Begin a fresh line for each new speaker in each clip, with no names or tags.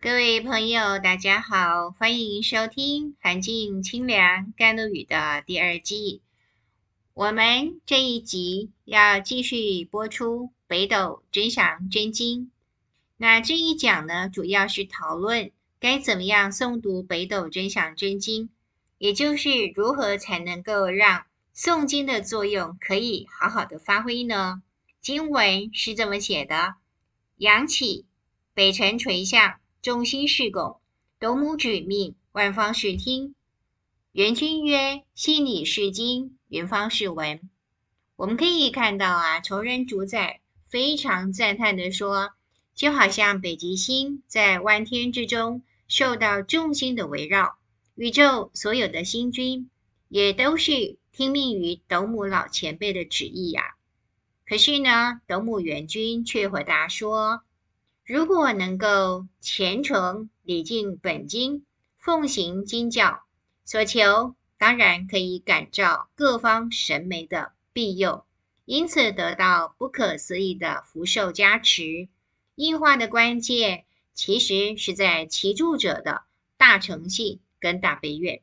各位朋友，大家好，歡迎收聽《環境清涼甘露雨》的第二季。我們這一集要繼續播出《北斗徵祥真經》。那這一講呢，主要是討論該怎麼樣誦讀《北斗徵祥真經》，也就是如何才能夠讓誦經的作用可以好好的發揮呢？經文是這麼寫的。仰啟，北辰垂象，眾星是拱，斗姥旨命，萬方是聽。元君曰：信禮是經，芸方是聞。我們可以看到啊，崇仁主宰非常讚嘆地說。就好像北極星在萬天之中受到眾星的圍繞，宇宙所有的星君也都是聽命於斗姥老前輩的旨意呀、啊。可是呢，斗姥元君卻回答說：“如果能夠虔誠禮敬本經，奉行經教，所求當然可以感召各方神媒的庇佑，因此得到不可思議的福壽加持。”應化的關鍵其實是在祈祝者的大誠信跟大悲願。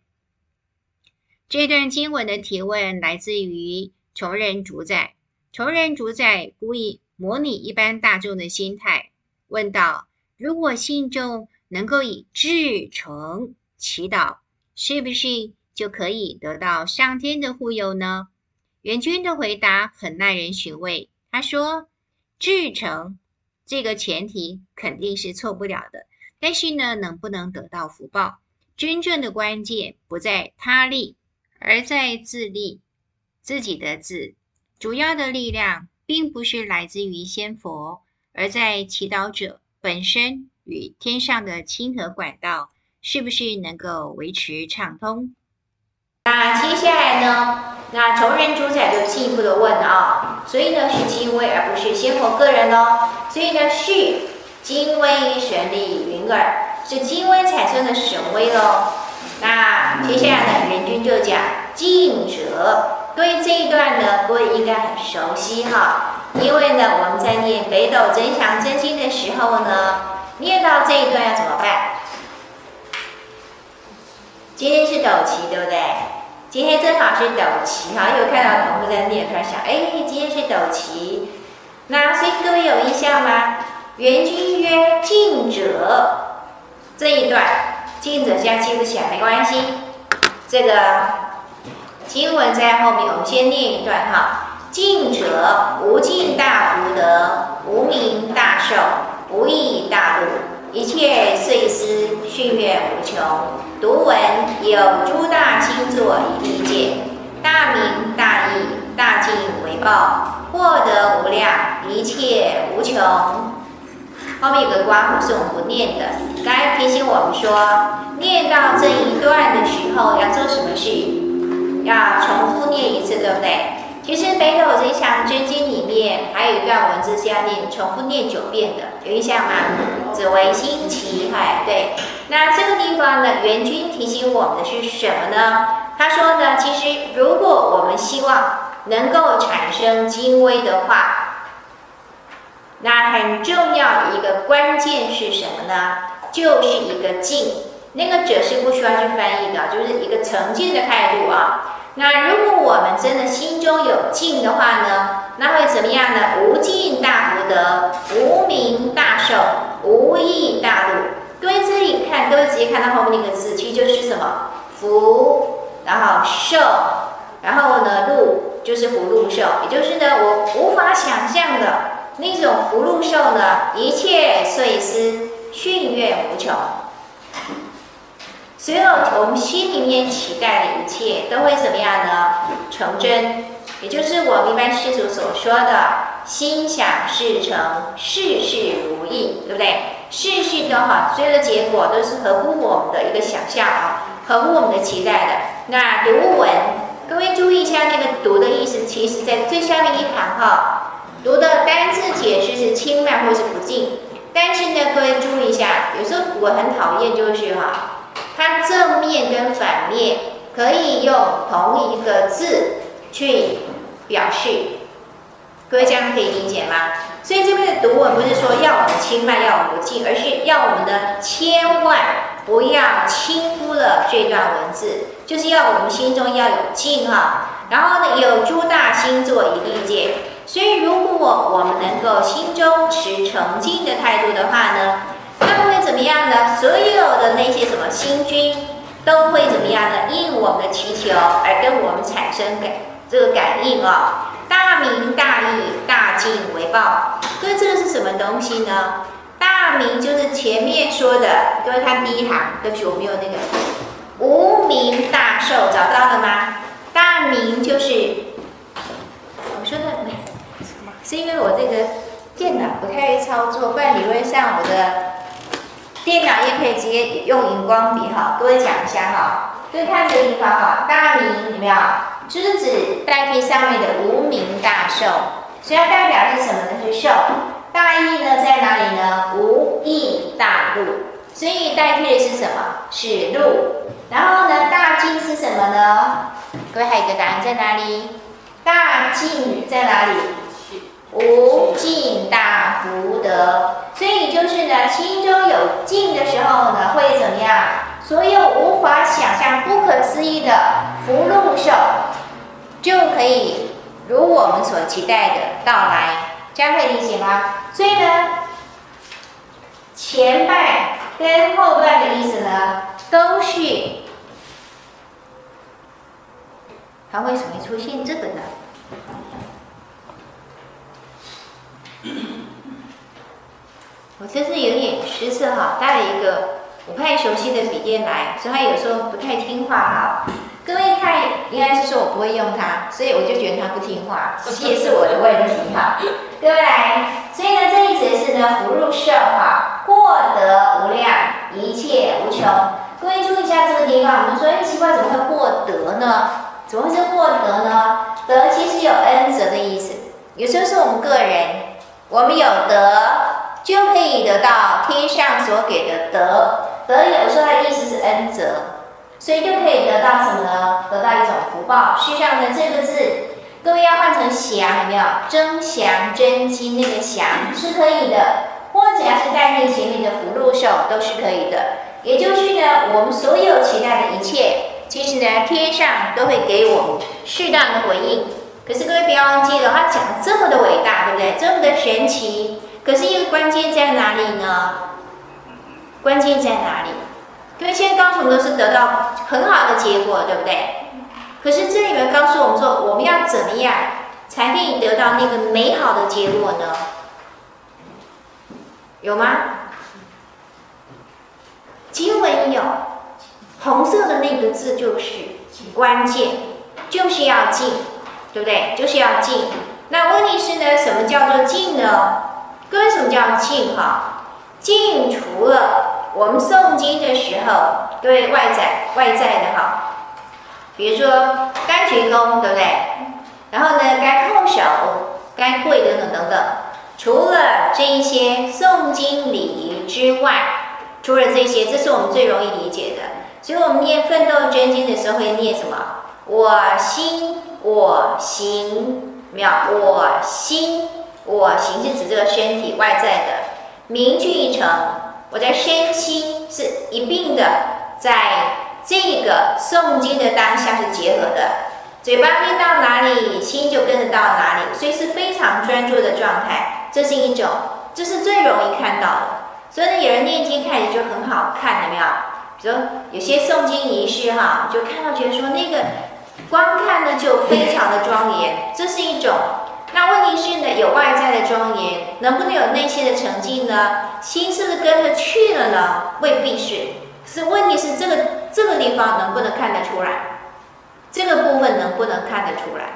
這段經文的提問來自於崇仁主宰，崇仁主宰故意模擬一般大眾的心態，問道：“如果信眾能夠以至誠祈禱，是不是就可以得到上天的護佑呢？”元君的回答很耐人尋味，他說：“至誠。”這個前提肯定是錯不了的，但是呢，能不能得到福報，真正的關鍵不在他力，而在自力，自己的自。主要的力量並不是來自於仙佛，而在祈禱者本身與天上的親和管道是不是能夠維持暢通？那、啊、接下來呢？那崇仁主宰就進一步的問啊、哦，所以呢是經威，而不是仙佛個人哦，所以呢是經威神力云耳，是經威產生的神威咯。那接下來呢，元君就講敬者。對於這一段呢，各位應該很熟悉哈，因為呢我們在念北斗徵祥真經的時候呢，念到這一段要怎麼辦？今天是斗七，對不對？今天正好是斗旗，哈，又看到同奮在念，突然想，哎、欸，今天是斗旗，那所以各位有印象嗎？元君曰：“敬者”，這一段敬者將記不起來沒關係，這個經文在後面，我們先念一段哈，“敬者無盡大福德，無名大壽，無億大祿。一切遂思，遜願無窮。瀆文，有諸大星座以蒞介，大名大億，大盡為報，獲德無量，一切無窮。後面有個“光”不是我們不念的，該提醒我們說，念到這一段的時候要做什麼事？要重複念一次，對不對？其實《北斗徵祥真經》裡面還有一段文字是要，下面重複念九遍的，有印象嗎？紫微星齊，哎，對。那這個地方呢，元君提醒我們的是什麼呢？他說呢，其實如果我們希望能夠產生精微的話，那很重要的一個關鍵是什麼呢？就是一個敬。那個者是不需要去翻譯的，就是一個誠敬的態度啊。那如果我們真的心中有敬的話呢，那會怎麼樣呢？無盡大福德，無名大壽，無億大祿。各位這裡看都直接看到後面那個字，其實就是什麼福，然後壽，然後呢祿，就是福祿壽，也就是呢我無法想象的那種福祿壽呢，一切遂思，遜願無窮。所以我們心裡面期待的一切都會怎麼樣呢？成真，也就是我們一般世俗所說的心想事成、事事如意，對不對？事事都好，所有的結果都是合乎我們的一個想象啊，合乎我們的期待的。那瀆文，各位注意一下，那個瀆的意思，其實在最下面一行哈，瀆的單字解釋是輕慢或是不敬。但是呢，各位注意一下，有時候我很討厭就是哈。它正面跟反面可以用同一個字去表示，各位家人可以理解嗎？所以這邊的瀆文不是說要我們輕慢，要我們不敬，而是要我們的千萬不要輕忽了這段文字，就是要我們心中要有敬哈。然後呢，有諸大星座一定理解。所以如果我們能夠心中持誠敬的態度的話呢，怎麼樣的，所有的那些什麼星君，都會怎麼樣呢？應我們的祈求而跟我們產生感這個感應啊、哦！大名大億大盡為報，所以這個是什麼東西呢？大名就是前面說的，各位看第一行，對不起，我沒有那個無名大壽，找到了嗎？大名就是我說的，是因為我這個電腦不太會操作，不然你會像我的。電腦也可以直接用熒光筆哈，各位講一下哈，各位看這個地方哈，大名有沒有？就是指代替上面的無名大壽，所以要代表的是什麼呢？是壽。大億呢，在哪裡呢？無億大祿，所以代替的是什麼？是祿。然後呢，大盡是什麼呢？各位還有一個答案在哪裡？大盡在哪裡？無盡大福德，所以就是呢，心中有敬的時候呢，會怎麼樣？所有無法想象、不可思議的福祿壽，就可以如我們所期待的到來。這樣可以理解嗎？所以呢，前半跟後半的意思呢，都是，它為什麼出現這個呢？我真是有點失策哈，帶了一個不太熟悉的筆電來，所以他有時候不太聽話哈。各位看，應該是說我不會用它，所以我就覺得它不聽話，其實也是我的問題哈。各位來，所以呢，這一節是呢，福祿壽哈，獲德無量，一切無窮。各位注意一下這個地方，我們說，哎，奇怪，怎麼會獲得呢？怎麼會是獲得呢？德其實有恩澤的意思，有時候是我們個人，我們有德。就可以得到天上所給的德，德有時候它的意思是恩澤，所以就可以得到什麼呢？得到一種福報。事實上呢，這個字各位要換成祥，有沒有？徵祥真經那個祥是可以的，或者要是概念前面的福祿壽都是可以的。也就是呢，我們所有其他的一切，其實呢，天上都會給我們適當的回應。可是各位不要忘記了，他講的這麼的偉大，對不對？這麼的神奇。可是，一個關鍵在哪裡呢？關鍵在哪裡？因為現在剛從都是得到很好的結果，對不對？可是這裡面告訴我們說，我們要怎麼樣才可以得到那個美好的結果呢？有嗎？經文有，紅色的那個字就是關鍵，就是要敬，對不對？就是要敬。那問題是呢，什麼叫做敬呢？所以什麼叫敬哈？敬除了我們誦經的時候對外在外在的哈，比如說該鞠躬對不對？然後呢，該叩首、該跪等等等等。除了這一些誦經禮儀之外，除了這些，這是我們最容易理解的。所以我們念《奮鬥真經》的時候會念什麼？我心我形銘，我心。我形是指這個身體外在的。銘俱呈，我的身心是一併的，在這個誦經的當下是結合的，嘴巴念到哪裡，心就跟得到哪裡，所以是非常專注的狀態。這是一種，這是最容易看到的。所以呢，有人念經開始就很好看，有沒有？比如有些誦經儀式哈，就看到覺得說那個，光看呢就非常的莊嚴，這是一種。那問題是呢，有外在的莊嚴，能不能有內心的誠敬呢？心是不是跟着去了呢？未必是。是問題是這個這個地方能不能看得出來？這個部分能不能看得出來？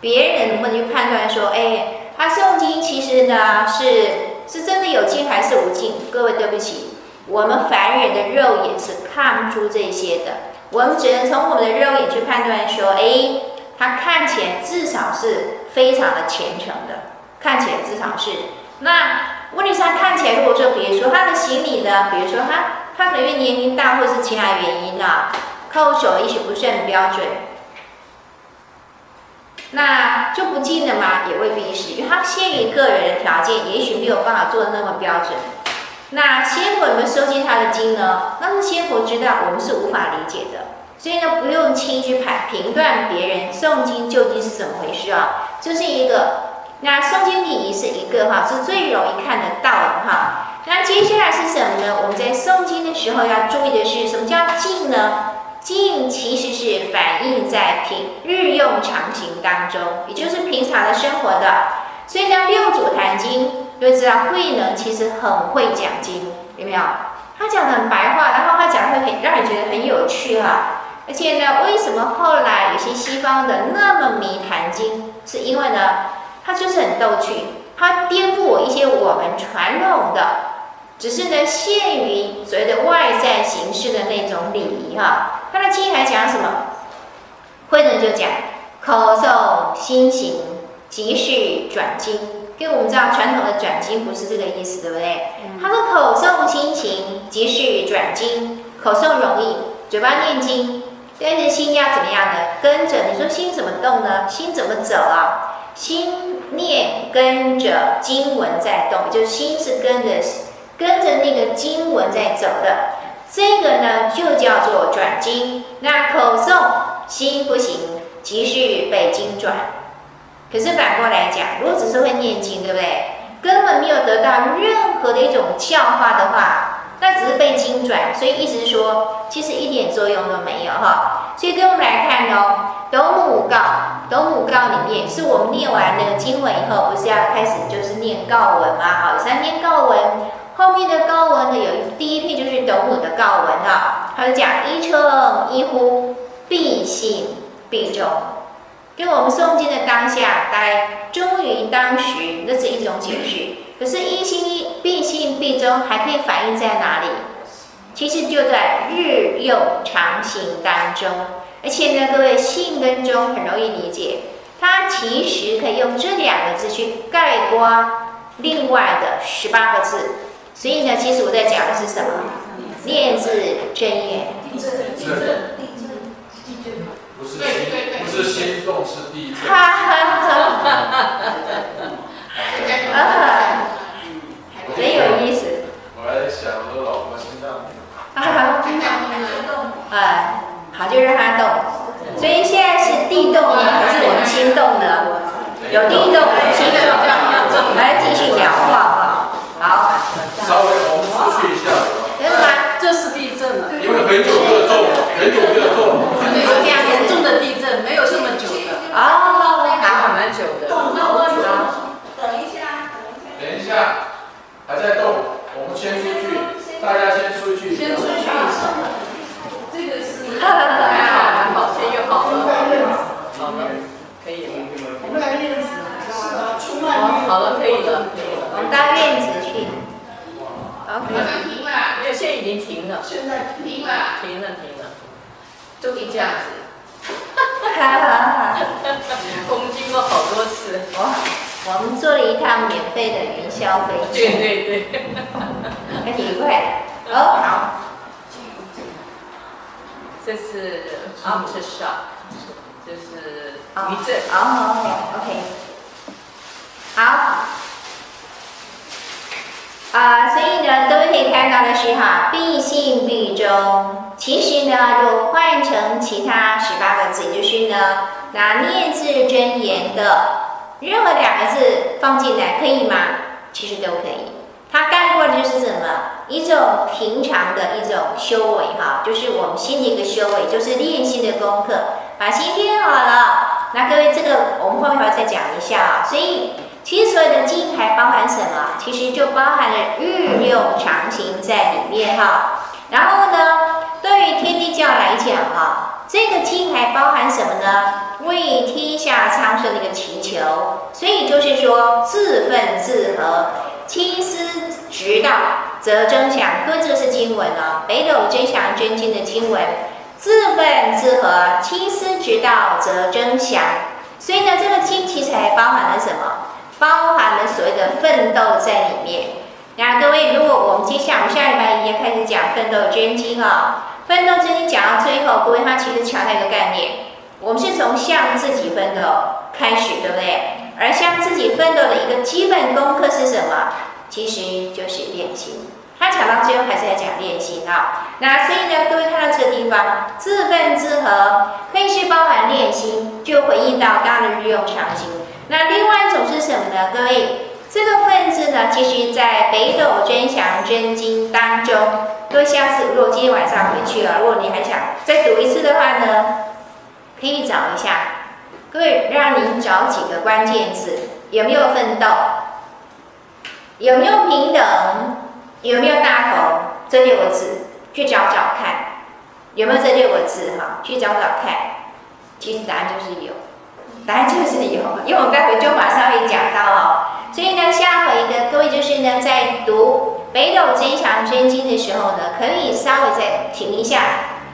別人能不能去判斷說，哎，他誦經其實呢是是真的有敬還是無敬，各位對不起，我們凡人的肉眼是看不出這些的，我們只能從我們的肉眼去判斷說，哎，他看起來至少是。非常的虔誠的，看起來至少是。那問題上看起來，如果說比如說他的行禮呢，比如說他他可能年齡大或是其他原因啊，叩首也許不是很標準，那就不進了嘛，也未必是，因為他限於個人的條件，嗯、也許沒有辦法做的那麼標準。那仙佛有沒有收進他的經呢？那是仙佛知道，我們是無法理解的。所以呢，不用輕易去判評斷別人誦經究竟是怎麼回事啊？這、就是一個，那誦經禮儀是一個哈，是最容易看得到的哈。那接下來是什麼呢？我們在誦經的時候要注意的是，什麼叫敬呢？敬其實是反映在平日用常行當中，也就是平常的生活的。所以呢，《六祖壇經》都知道呢，慧能其實很會講經，有沒有？他講的很白話，然後他講得會很讓人覺得很有趣哈、啊。而且呢，為什麼後來有些西方的那麼迷《壇經》，是因為呢，它就是很逗趣，它顛覆我一些我們傳統的，只是呢限於所謂的外在形式的那種禮儀哈、哦。它的經還講什麼？慧能就講口誦心行，即是轉經。跟我們知道傳統的轉經不是這個意思，對不對？他說口誦心行，即是轉經。口誦容易，嘴巴念經。跟着心要怎麼樣呢？跟着你說，心怎麼動呢？心怎麼走啊？心念跟着經文在動，就心是跟着跟着那個經文在走的。這個呢，就叫做轉經。那口誦心不行，即是被經轉。可是反過來講，如果只是會念經，對不對？根本沒有得到任何的一種教化的話。那只是被經轉，所以意思是說，其實一點作用都沒有哈。所以跟我們來看哦，《斗姥誥》《斗姥誥》裡面是我們念完那個經文以後，不是要開始就是念誥文嗎？好，三篇誥文，後面的誥文呢，有第一篇就是斗姥的誥文了，它講一稱一呼，必信必忠。跟我們誦經的當下，待忠於當時，那是一種情緒。可是陰性、必信、必忠還可以反映在哪裡？其實就在日用常行當中。而且呢，各位性跟中很容易理解，它其實可以用這兩個字去概括另外的十八個字。所以呢，其實我在講的是什麼？
煉字
正，地震，地不，不是心動是，是地震。啊，很、嗯、有意思。我還想說，我老婆心臟，啊，哎、嗯嗯，好，就讓他動。所以現在是地動呢，還是我們心動呢？有地動，有心動，還要繼續聊啊。好。稍微我們出去一下。原來這是地震了、啊。因為很久沒有動，很久。任何兩個字放進來可以嗎？其實都可以。它概括的就是什麼？一種平常的一種修為哈、哦，就是我們心的一個修為，就是練心的功課，把心練好了。那各位，這個我們後面還要再講一下啊、哦。所以，其實所有的敬還包含什麼？其實就包含了日用常行在裡面哈、哦。然後呢，對於天帝教來講哈、哦這個經還包含什麼呢？為天下蒼生的一個祈求，所以就是說自奮自和，親斯執道則徵祥，這就是經文了、哦。北斗徵祥真經的經文，自奮自和，親斯執道則徵祥。所以呢，這個經其實還包含了什麼？包含了所謂的奮鬥在裡面。那各位，如果我們接下來我下一半已經開始講奮鬥真經了、哦。奮鬥真經講到最後，各位，他其實強調一個概念，我們是從向自己奮鬥開始，對不對？而向自己奮鬥的一個基本功課是什麼？其實就是練習。他講到最後還是在講練習哦。那所以呢，各位看到這個地方，自奮自和，可以去包含練習就回應到大家的日用常行。那另外一種是什麼呢？各位，這個奮字呢，其實，在北斗徵祥真經當中。各位，下次如果今天晚上回去了、啊，如果你還想再讀一次的話呢，可以找一下。各位，讓你找幾個關鍵字：有沒有奮鬥？有沒有平等？有沒有大同？這六個字，去找找看。有沒有這六個字？哈，去找找看。其實答案就是有，答案就是有，因為我待會就馬上會講到哦。所以呢，下回的各位就是呢，在讀。北斗徵祥真經的時候呢，可以稍微再停一下。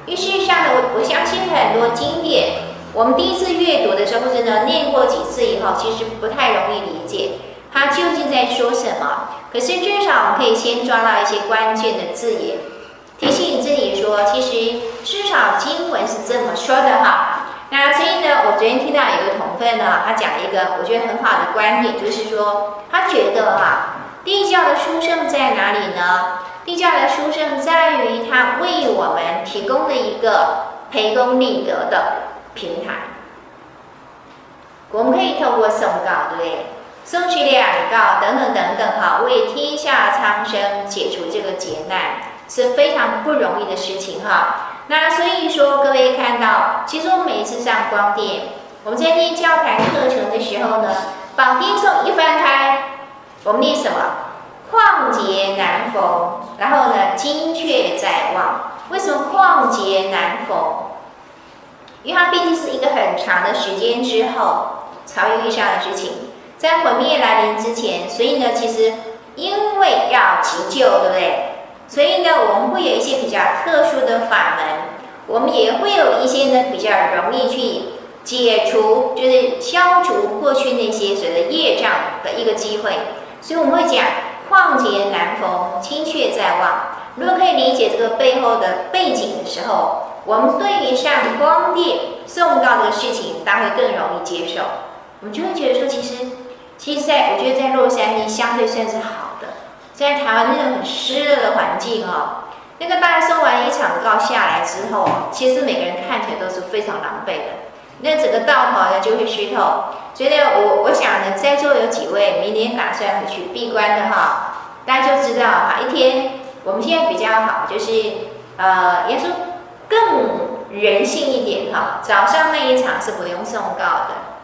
因為事實上呢，我相信很多經典，我們第一次閱讀的時候呢，真的念過幾次以後，其實不太容易理解它究竟在說什麼。可是至少我們可以先抓到一些關鍵的字眼，提醒自己說，其實至少經文是這麼說的哈。那所以呢，我昨天聽到一個同奮呢、啊，他講一個我覺得很好的觀點，就是說，他覺得哈、啊。地帝教的殊勝在哪裡呢？地帝教的殊勝在於它為我們提供了一個培功立德的平台。我們可以透過誦誥，對不對？送去兩誥等等等等，哈，為天下蒼生解除這個劫難是非常不容易的事情，哈。那所以說，各位看到，其實我們每一次上光殿，我們在帝教材課程的時候呢，寶殿頌一翻開。我們念什麼？曠劫難逢，然後呢？金闕在望。為什麼曠劫難逢？因為它畢竟是一個很長的時間之後才會遇上的事情，在毀滅來臨之前。所以呢，其實因為要急救，對不對？所以呢，我們會有一些比較特殊的法門，我們也會有一些呢比較容易去解除，就是消除過去那些所謂的業障的一個機會。所以我們會講“曠劫難逢，金闕在望”。如果可以理解這個背後的背景的時候，我們對於上光殿誦誥這個事情，大家會更容易接受。我們就會覺得說，其實，其實在我覺得在洛杉磯相對算是好的，在台灣那種很濕熱的環境哦，那個大家誦完一場誥下來之後啊，其實每個人看起來都是非常狼狽的。那整個道袍呢就會濕透，所以呢，我我想呢，在座有幾位明年打算回去閉關的哈，大家就知道哈。一天我們現在比較好，就是呃，要說更人性一點哈。早上那一場是不用誦誥的，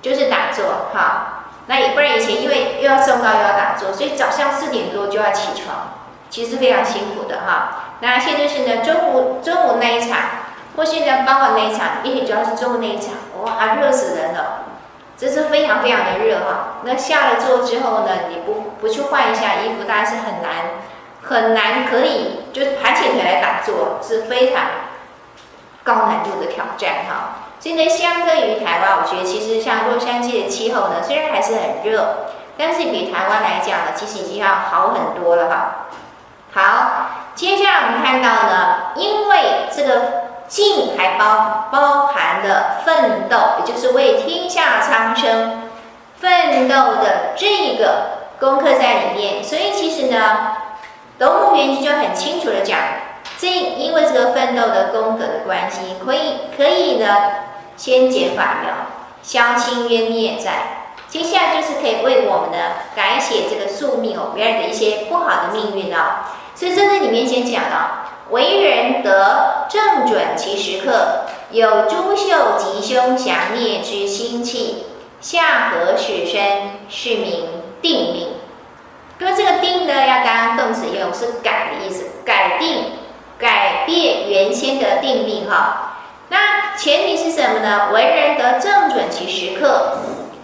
就是打坐哈。那也不然，以前因為又要誦誥又要打坐，所以早上四點多就要起床，其實非常辛苦的哈。那現在是呢，中午中午那一場。或現在包括那一場，因為主要是中午那一場，哇，熱死人了，這是非常非常的熱哈、啊。那下了座之後呢，你不不去換一下衣服，大家是很難很難可以就是盤起腿來打坐，是非常高難度的挑戰哈、啊。現在相對於台灣，我覺得其實像洛杉磯的氣候呢，雖然還是很熱，但是比台灣來講呢，其實已經要好很多了哈、啊。好，接下來我們看到呢，因為這個。靜還包包含了奮鬥，也就是為天下蒼生奮鬥的這個功課在裡面。所以其實呢，斗姆元君就很清楚地講，正因為這個奮鬥的功德的關係，可以可以呢先解法苗消清冤孽債，接下來就是可以為我們呢改寫這個宿命、哦、偶緣的一些不好的命運了、哦。所以在這裡面先講了、哦。為人得正準其時刻，有諸宿吉凶祥孽之星氣，下合是身，是名定命。那麼這個定呢，要當動詞用，是改的意思，改定、改變原先的定命哈。那前提是什麼呢？為人得正準其時刻，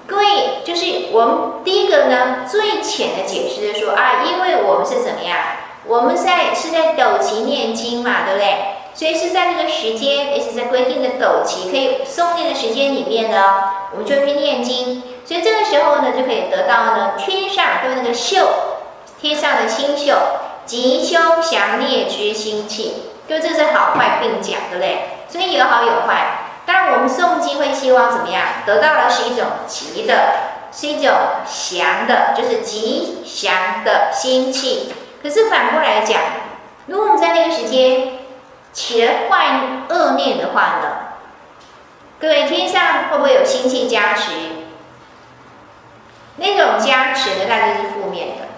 各位就是我們第一個呢最淺的解釋是說啊，因為我們是什麼呀？我們在是在斗旗念經嘛，對不對？所以是在那個時間，也是在規定的斗旗可以誦念的時間裡面呢，我們就去念經。所以這個時候呢，就可以得到呢天上，就對不對？那個秀，天上的星宿，吉凶祥孽之星氣，就這是好壞並講的嘞，對不對？所以有好有壞。但我們誦經會希望怎麼樣？得到的是一種吉的，是一種祥的，就是吉祥的星氣。可是反過來講，如果我們在那個時間起了壞惡念的話呢？各位，天上會不會有星氣加持？那種加持的，大概是負面的，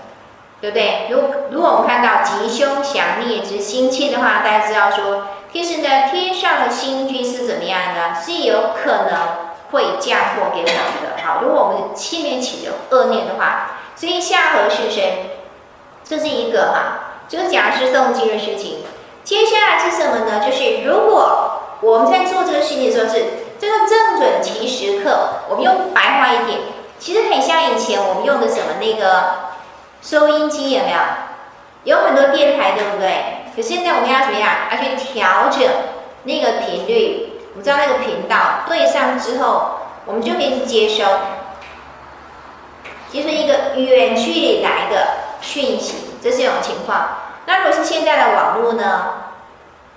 對不對？如果如果我們看到吉凶祥孽之星氣的話，大家知道說，其實呢，天上的星君是怎麼樣的呢？是有可能會降禍給我們的。好，如果我們心念起了惡念的話，所以下合是身？這是一個啊，就是假設動機的事情。接下來是什麼呢？就是如果我們在做這個事情的時候，是這個正準其時刻，我們用白話一點，其實很像以前我們用的什麼那個收音機有沒有？有很多電台，對不對？可是現在我們要怎麼樣？要去調整那個頻率，我們知道那個頻道對上之後，我們就可以去接收，其實一個遠距離來的。訊息，這是一種情況。那如果是現在的網絡呢？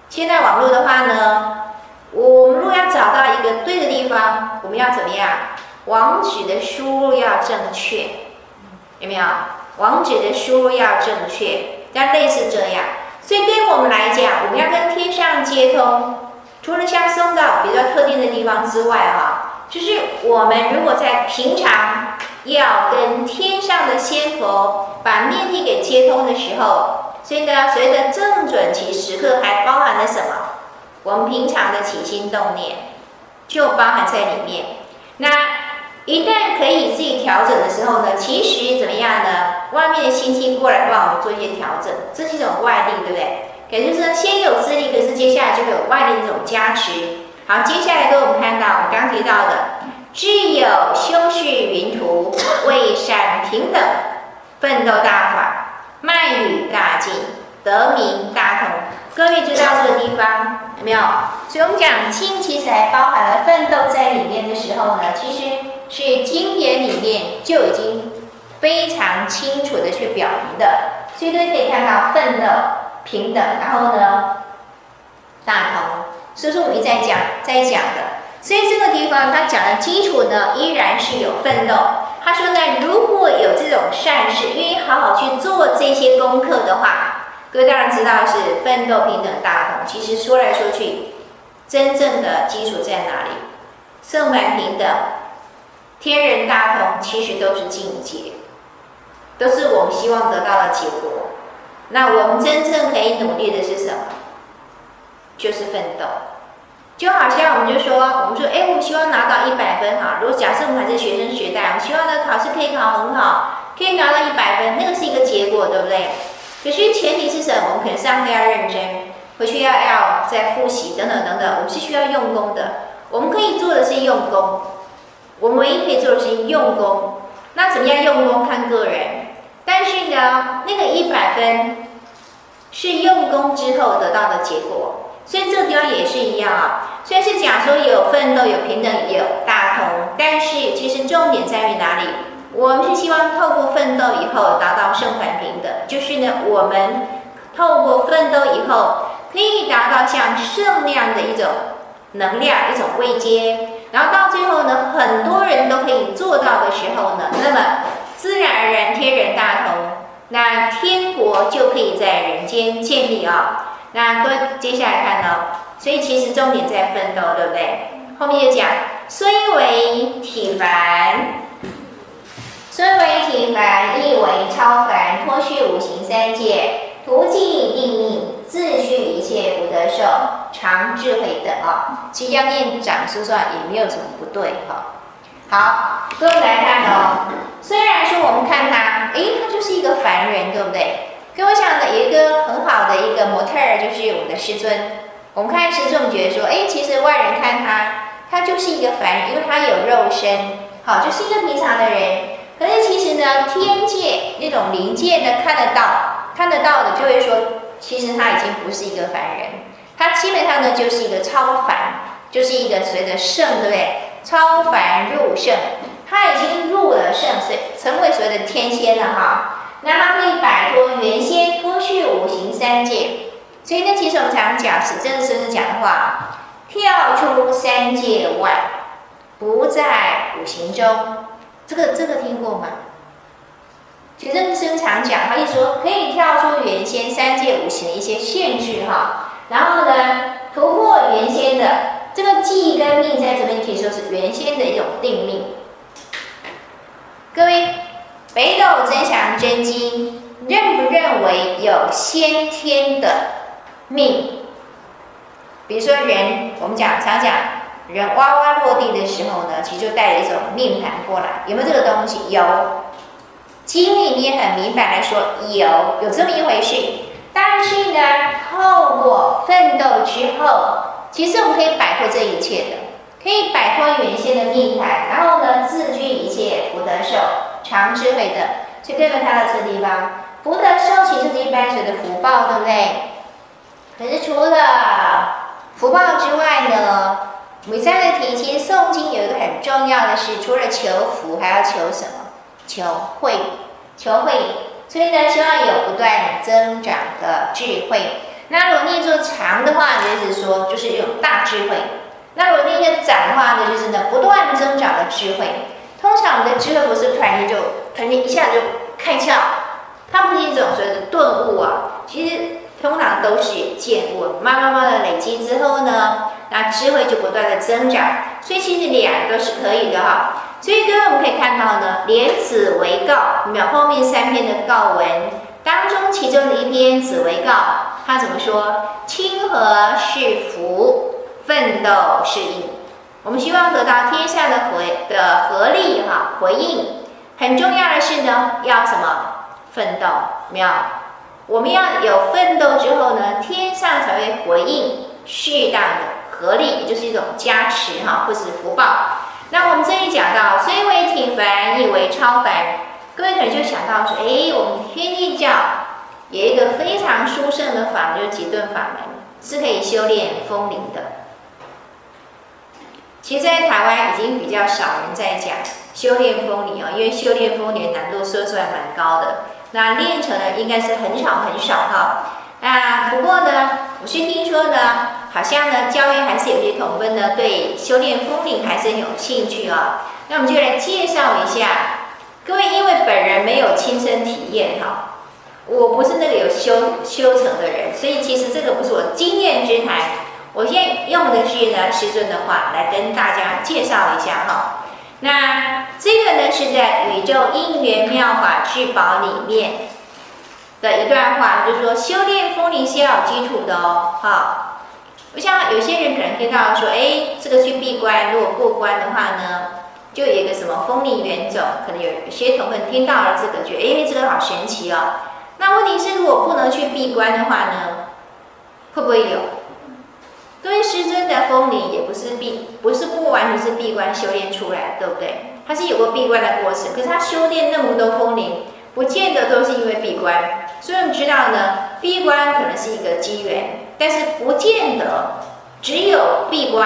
現在網絡的話呢，我們如果要找到一個對的地方，我們要怎麼樣？網址的輸入要正確，有沒有？網址的輸入要正確，要類似這樣。所以，對我們來講，我們要跟天上接通，除了像送到比較特定的地方之外，啊，哈，就是我們如果在平常要跟天上的仙佛把念力給接通的時候，所以呢，隨着正準其時刻還包含了什麼？我們平常的起心動念就包含在裡面。那一旦可以自己調整的時候呢，其實怎麼樣呢？外面的星星過來幫我們做一些調整，這是一種外力，對不對？也就是說，先有自力，可是接下來就會有外力的一種加持。好，接下來我們看到我剛提到的，具有脩士芸徒，謂善平等。奮鬥大法，勱履大進，得名大同。各位知道這個地方，有沒有？所以，我們講“敬”其實還包含了奮鬥在裡面的時候呢，其實是經典裡面就已經非常清楚的去表明的。所以，大家可以看到，奮鬥、平等，然後呢，大同。所以說，我們再講、再講的。所以，這個地方它講的基礎呢，依然是有奮鬥。他說呢，如果有這種善事，願意好好去做這些功課的話，各位當然知道是奮鬥、平等、大同。其實說來說去，真正的基礎在哪裡？聖凡平等、天人大同，其實都是境界，都是我們希望得到的結果。那我們真正可以努力的是什麼？就是奮鬥。就好像我們就說，我們說，誒我們希望拿到一百分哈、啊。如果假設我們還是學生時代，我們希望的考試可以考很好，可以拿到一百分，那個是一個結果，對不對？可是前提是什麼？我們肯定是上課要認真，回去要要再復習等等等等，我們是需要用功的。我們可以做的是用功，我們唯一可以做的是用功。那怎麼樣用功？看個人。但是呢，那個一百分是用功之後得到的結果。所以這個地方也是一樣啊。雖然是講說有奮鬥、有平等、有大同，但是其實重點在於哪裡？我們是希望透過奮鬥以後達到聖凡平等，就是呢，我們透過奮鬥以後可以達到像聖那樣的一種能量、一種位階，然後到最後呢，很多人都可以做到的時候呢，那麼自然而然天人大同，那天國就可以在人間建立啊。那多，接下來看呢，所以其實重點在奮鬥，對不對？後面就講，雖為體凡，雖為體凡，亦為超凡，脫去五行三界，突紀定命，自具一切福德壽，常智慧等啊、哦。其實要念長說說也沒有什麼不對哈、哦。好，各位來看哦，雖然說我們看他，哎、欸，他就是一個凡人，對不對？跟我講的一個很好的一個模特兒就是我們的師尊。我們看師尊覺得說，哎,其實外人看他，他就是一個凡人，因為他有肉身，好，就是一個平常的人。可是其實呢，天界那種靈界呢，看得到，看得到的就會說，其實他已經不是一個凡人，他基本上呢就是一個超凡，就是一個隨着聖，對不對？超凡入聖，他已經入了聖，所以成為所謂的天仙了哈。那麼可以擺脫原先脫去五行三界，所以呢，其實我們常講，是正身講的話，跳出三界外，不在五行中，這個這個聽過嗎？史正身常講，他意思說可以跳出原先三界五行的一些限制哈，然後呢，突破原先的這個氣跟命，在這邊可以說，是原先的一種定命，各位。北斗徵祥真經，認不認為有先天的命？比如說人，我們講常講，人呱呱落地的時候呢，其實就帶了一種命盤過來，有沒有這個東西？有，經你也很明白來說，有有這麼一回事。但是呢，透過奮鬥之後，其實我們可以擺脫這一切的，可以擺脫原先的命盤，然後呢，自具一切福德壽。長智慧的去各個他的這地方，不德收取自己一輩子的福報，對不對？可是除了福報之外呢，我們現在提，其實誦經有一個很重要的是，除了求福，還要求什麼？求慧，求慧。所以呢，希望有不斷增長的智慧。那如果念作長的話，就是說，就是一種大智慧。那如果念作長的話呢，就是呢不斷增長的智慧。通常我們的智慧，不是突然間就，突然一,一下就開竅，它不是一種所謂的頓悟啊，其實通常都是漸悟，慢慢慢的累積之後呢，那智慧就不斷的增長，所以其實兩個都是可以的哈。所以各位我們可以看到呢，《蓮子為告有沒有》後面三篇的誥文當中，其中的一篇《紫微誥》，他怎麼說？親和是孚，奮鬥是應。我們希望得到天下的回的合力哈、哦、回應，很重要的是呢，要什麼奮鬥？沒有，我們要有奮鬥之後呢，天上才會回應適當的合力，也就是一種加持哈或是福報。那我們這裡講到，雖為體凡亦為超凡，各位可能就想到說，誒、哎，我們天帝教有一個非常殊勝的法，就是急頓法門，是可以修煉封靈的。其實，在台灣已經比較少人在講修煉封靈哦，因為修煉封靈難度說出來蠻高的，那練成呢，應該是很少很少哈、哦。那、呃、不過呢，我是聽說呢，好像呢，教院，還是有些同奮呢，對修煉封靈還是很有興趣啊、哦。那我們就來介紹一下，各位，因為本人沒有親身體驗哈，我不是那個有修修成的人，所以其實這個不是我經驗之談。我先用的是呢，師尊的話來跟大家介紹一下哈。那這個呢是在《宇宙應元妙法至寶》裡面的一段話，就是說修煉封靈是要有基礎的哦。哈，不像有些人可能聽到說，哎，這個去閉關，如果過關的話呢，就有一個什麼封靈原種，可能有些同奮聽到了這個覺得，哎，這個好神奇哦。那問題是，如果不能去閉關的話呢，會不會有？因為師尊的封靈也不是閉，不是不完全是閉關修煉出來，對不對？他是有過閉關的過程，可是他修煉那麼多封靈，不見得都是因為閉關。所以我們知道呢，閉關可能是一個機緣，但是不見得只有閉關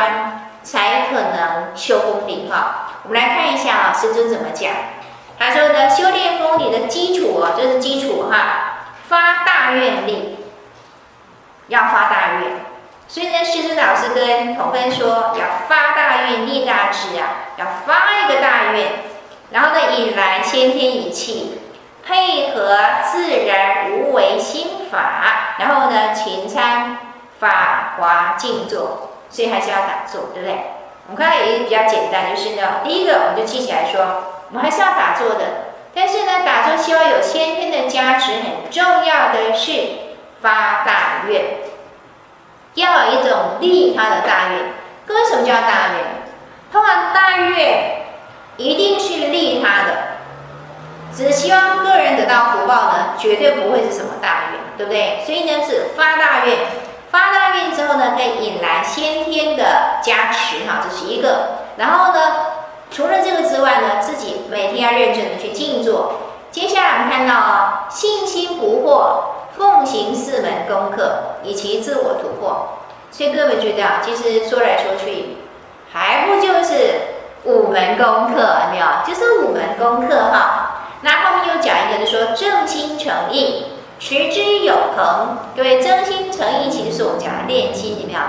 才可能修封靈哈、哦。我們來看一下啊、哦，師尊怎麼講？他說呢，修煉封靈的基礎哦，就是基礎哈、哦，發大願力，要發大願。所以呢，師尊老師跟同奮說，要發大願立大志啊，要發一個大願，然後呢引來先天一炁，配合自然無為心法，然後呢勤參法華靜坐，所以還是要打坐，對不對？我們剛才有一個比較簡單，就是呢，第一個我們就記起來說，我們還是要打坐的，但是呢打坐需要有先天的加持，很重要的是發大願。要有一種利他的大願，為什麼叫大願？通常大願一定是利他的，只希望個人得到福報呢，絕對不會是什麼大願，對不對？所以呢是發大願，發大願之後呢，可以引來先天的加持哈，這是一個。然後呢，除了這個之外呢，自己每天要認真的去靜坐。接下來我們看到、哦、信心不惑。奉行四門功課，以期自我突破。所以各位覺得啊，其實說來說去,還不就是五門功課，有沒有？就是五門功課哈。那後面又講一個就說，就說正心誠意，持之有恆。各位，正心誠意其實就是我們講的練心，有沒有？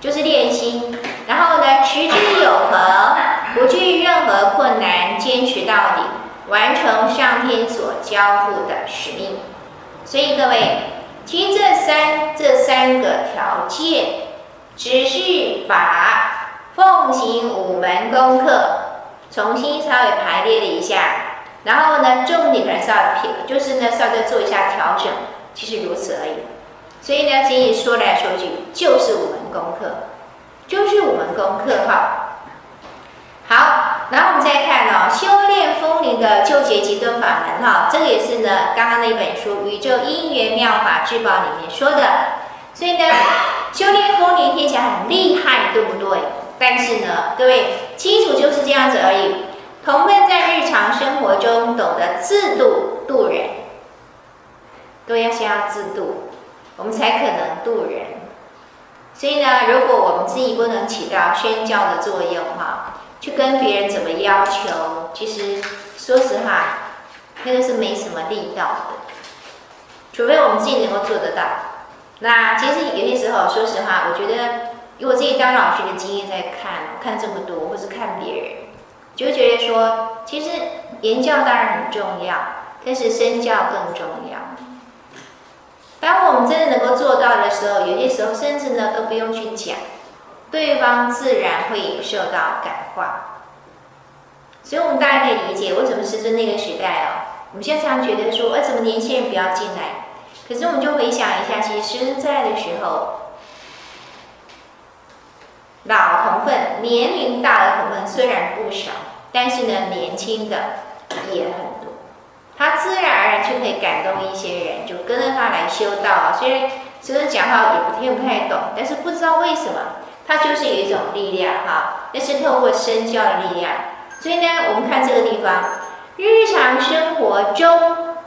就是練心。然後呢，持之有恆，不懼任何困難，堅持到底，完成上天所交付的使命。所以各位，其實這三這三個條件只是把奉行五門功課重新稍微排列了一下，然後呢，重點裡面稍微就是呢稍微做一下調整，其實如此而已。所以呢，僅僅說來說去就是五門功課，就是五門功課哈。然後我們再看哦，修煉封靈的救劫急頓法門哈，這個也是呢剛剛那一本書《宇宙應元妙法至寶》裡面說的。所以呢，修煉封靈聽起來很厲害，對不對？但是呢，各位基礎就是這樣子而已。同奮在日常生活中懂得自渡渡人，都要先要自渡，我們才可能渡人。所以呢，如果我們自己不能起到宣教的作用哈。去跟別人怎麼要求？其實說實話，那個是沒什麼力道的，除非我們自己能夠做得到。那其實有些時候，說實話，我覺得，以我自己當老師的經驗，在看看這麼多，或是看別人，就會覺得說，其實言教當然很重要，但是身教更重要。當我們真的能夠做到的時候，有些時候甚至呢，都不用去講。對方自然會受到感化，所以我們大家可以理解為什麼師尊那個時代哦，我們現在常覺得說為什麼年輕人不要進來？可是我們就回想一下，其實師尊在的時候，老同奮年齡大的同奮雖然不少，但是呢，年輕的也很多，他自然而然就可以感動一些人，就跟着他來修道，雖然師尊講話也不聽不太懂，但是不知道為什麼。它就是有一種力量哈，那、哦、是透過身教的力量。所以呢，我們看這個地方，日常生活中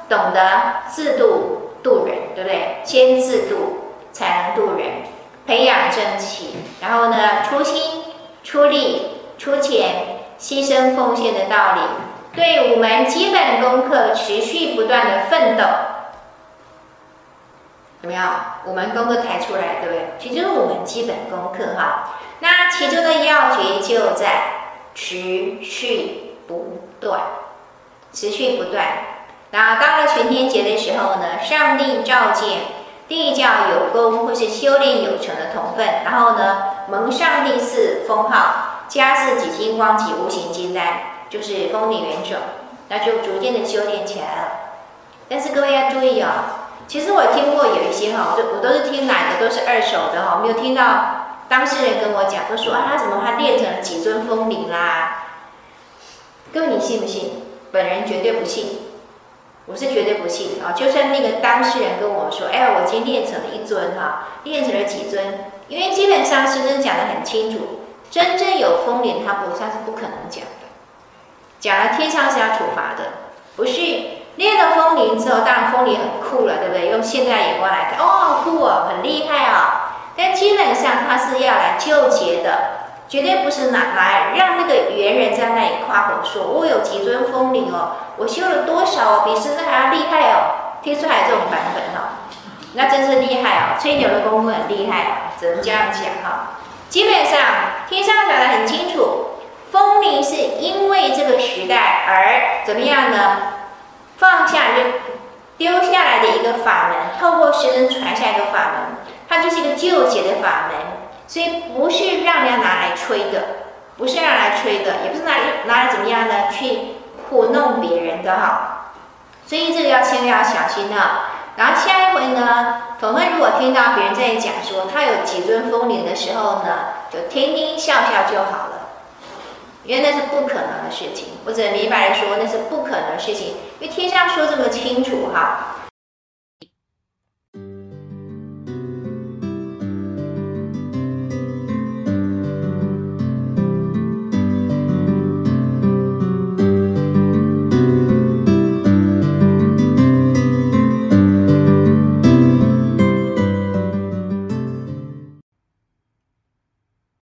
懂得自渡渡人，對不對？先自渡才能渡人，培養正氣，然後呢，出心、出力、出錢，犧牲奉獻的道理，對五門基本功課持續不斷的奮鬥。怎麼樣？我們功課抬出來，對不對？這就是我們基本功課哈。那其中的要訣就在持續不斷，持續不斷。那到了巡天節的時候呢，上帝召見帝教有功或是修煉有成的同奮，然後呢，蒙上帝賜封號，加賜紫金光及無形金丹，就是封靈原種，那就逐漸的修煉起來了。但是各位要注意哦。其實我聽過有一些哈，就我都是聽來的，都是二手的哈。沒有聽到當事人跟我講，都說啊他怎麼他煉成了幾尊封靈啦、啊。各位你信不信？本人絕對不信，我是絕對不信啊！就算那個當事人跟我說，哎，我今天煉成了一尊哈，煉成了幾尊，因為基本上師尊講的很清楚，真正有封靈，他不算是不可能講的，講了天上是要處罰的，不是。練了封靈之後，當然封靈很酷了，對不對？用現代眼光來看，哦，酷哦，很厲害哦。但基本上它是要來救劫的，絕對不是拿來讓那個猿人在那裡誇口說：“我有幾尊封靈哦，我修了多少哦、啊，比神僧還要厲害哦。”聽出來這種版本哦，那真是厲害哦，吹牛的功夫很厲害哦，只能這樣講哈、哦。基本上，聽上講得很清楚，封靈是因為這個時代而怎麼樣呢？放下就丟下來的一個法門，透過神人傳下一個法門，它就是一個救劫的法門，所以不是讓人拿來吹的，不是讓人拿來吹的，也不是拿來拿來怎麼樣呢？去糊弄別人的哈，所以這個要千萬要小心的。然後下一回呢，同奮如果聽到別人在講說他有幾尊封靈的時候呢，就聽聽笑笑就好了。因為那是不可能的事情，我只能明白的說那是不可能的事情，因為天上說這麼清楚哈、啊。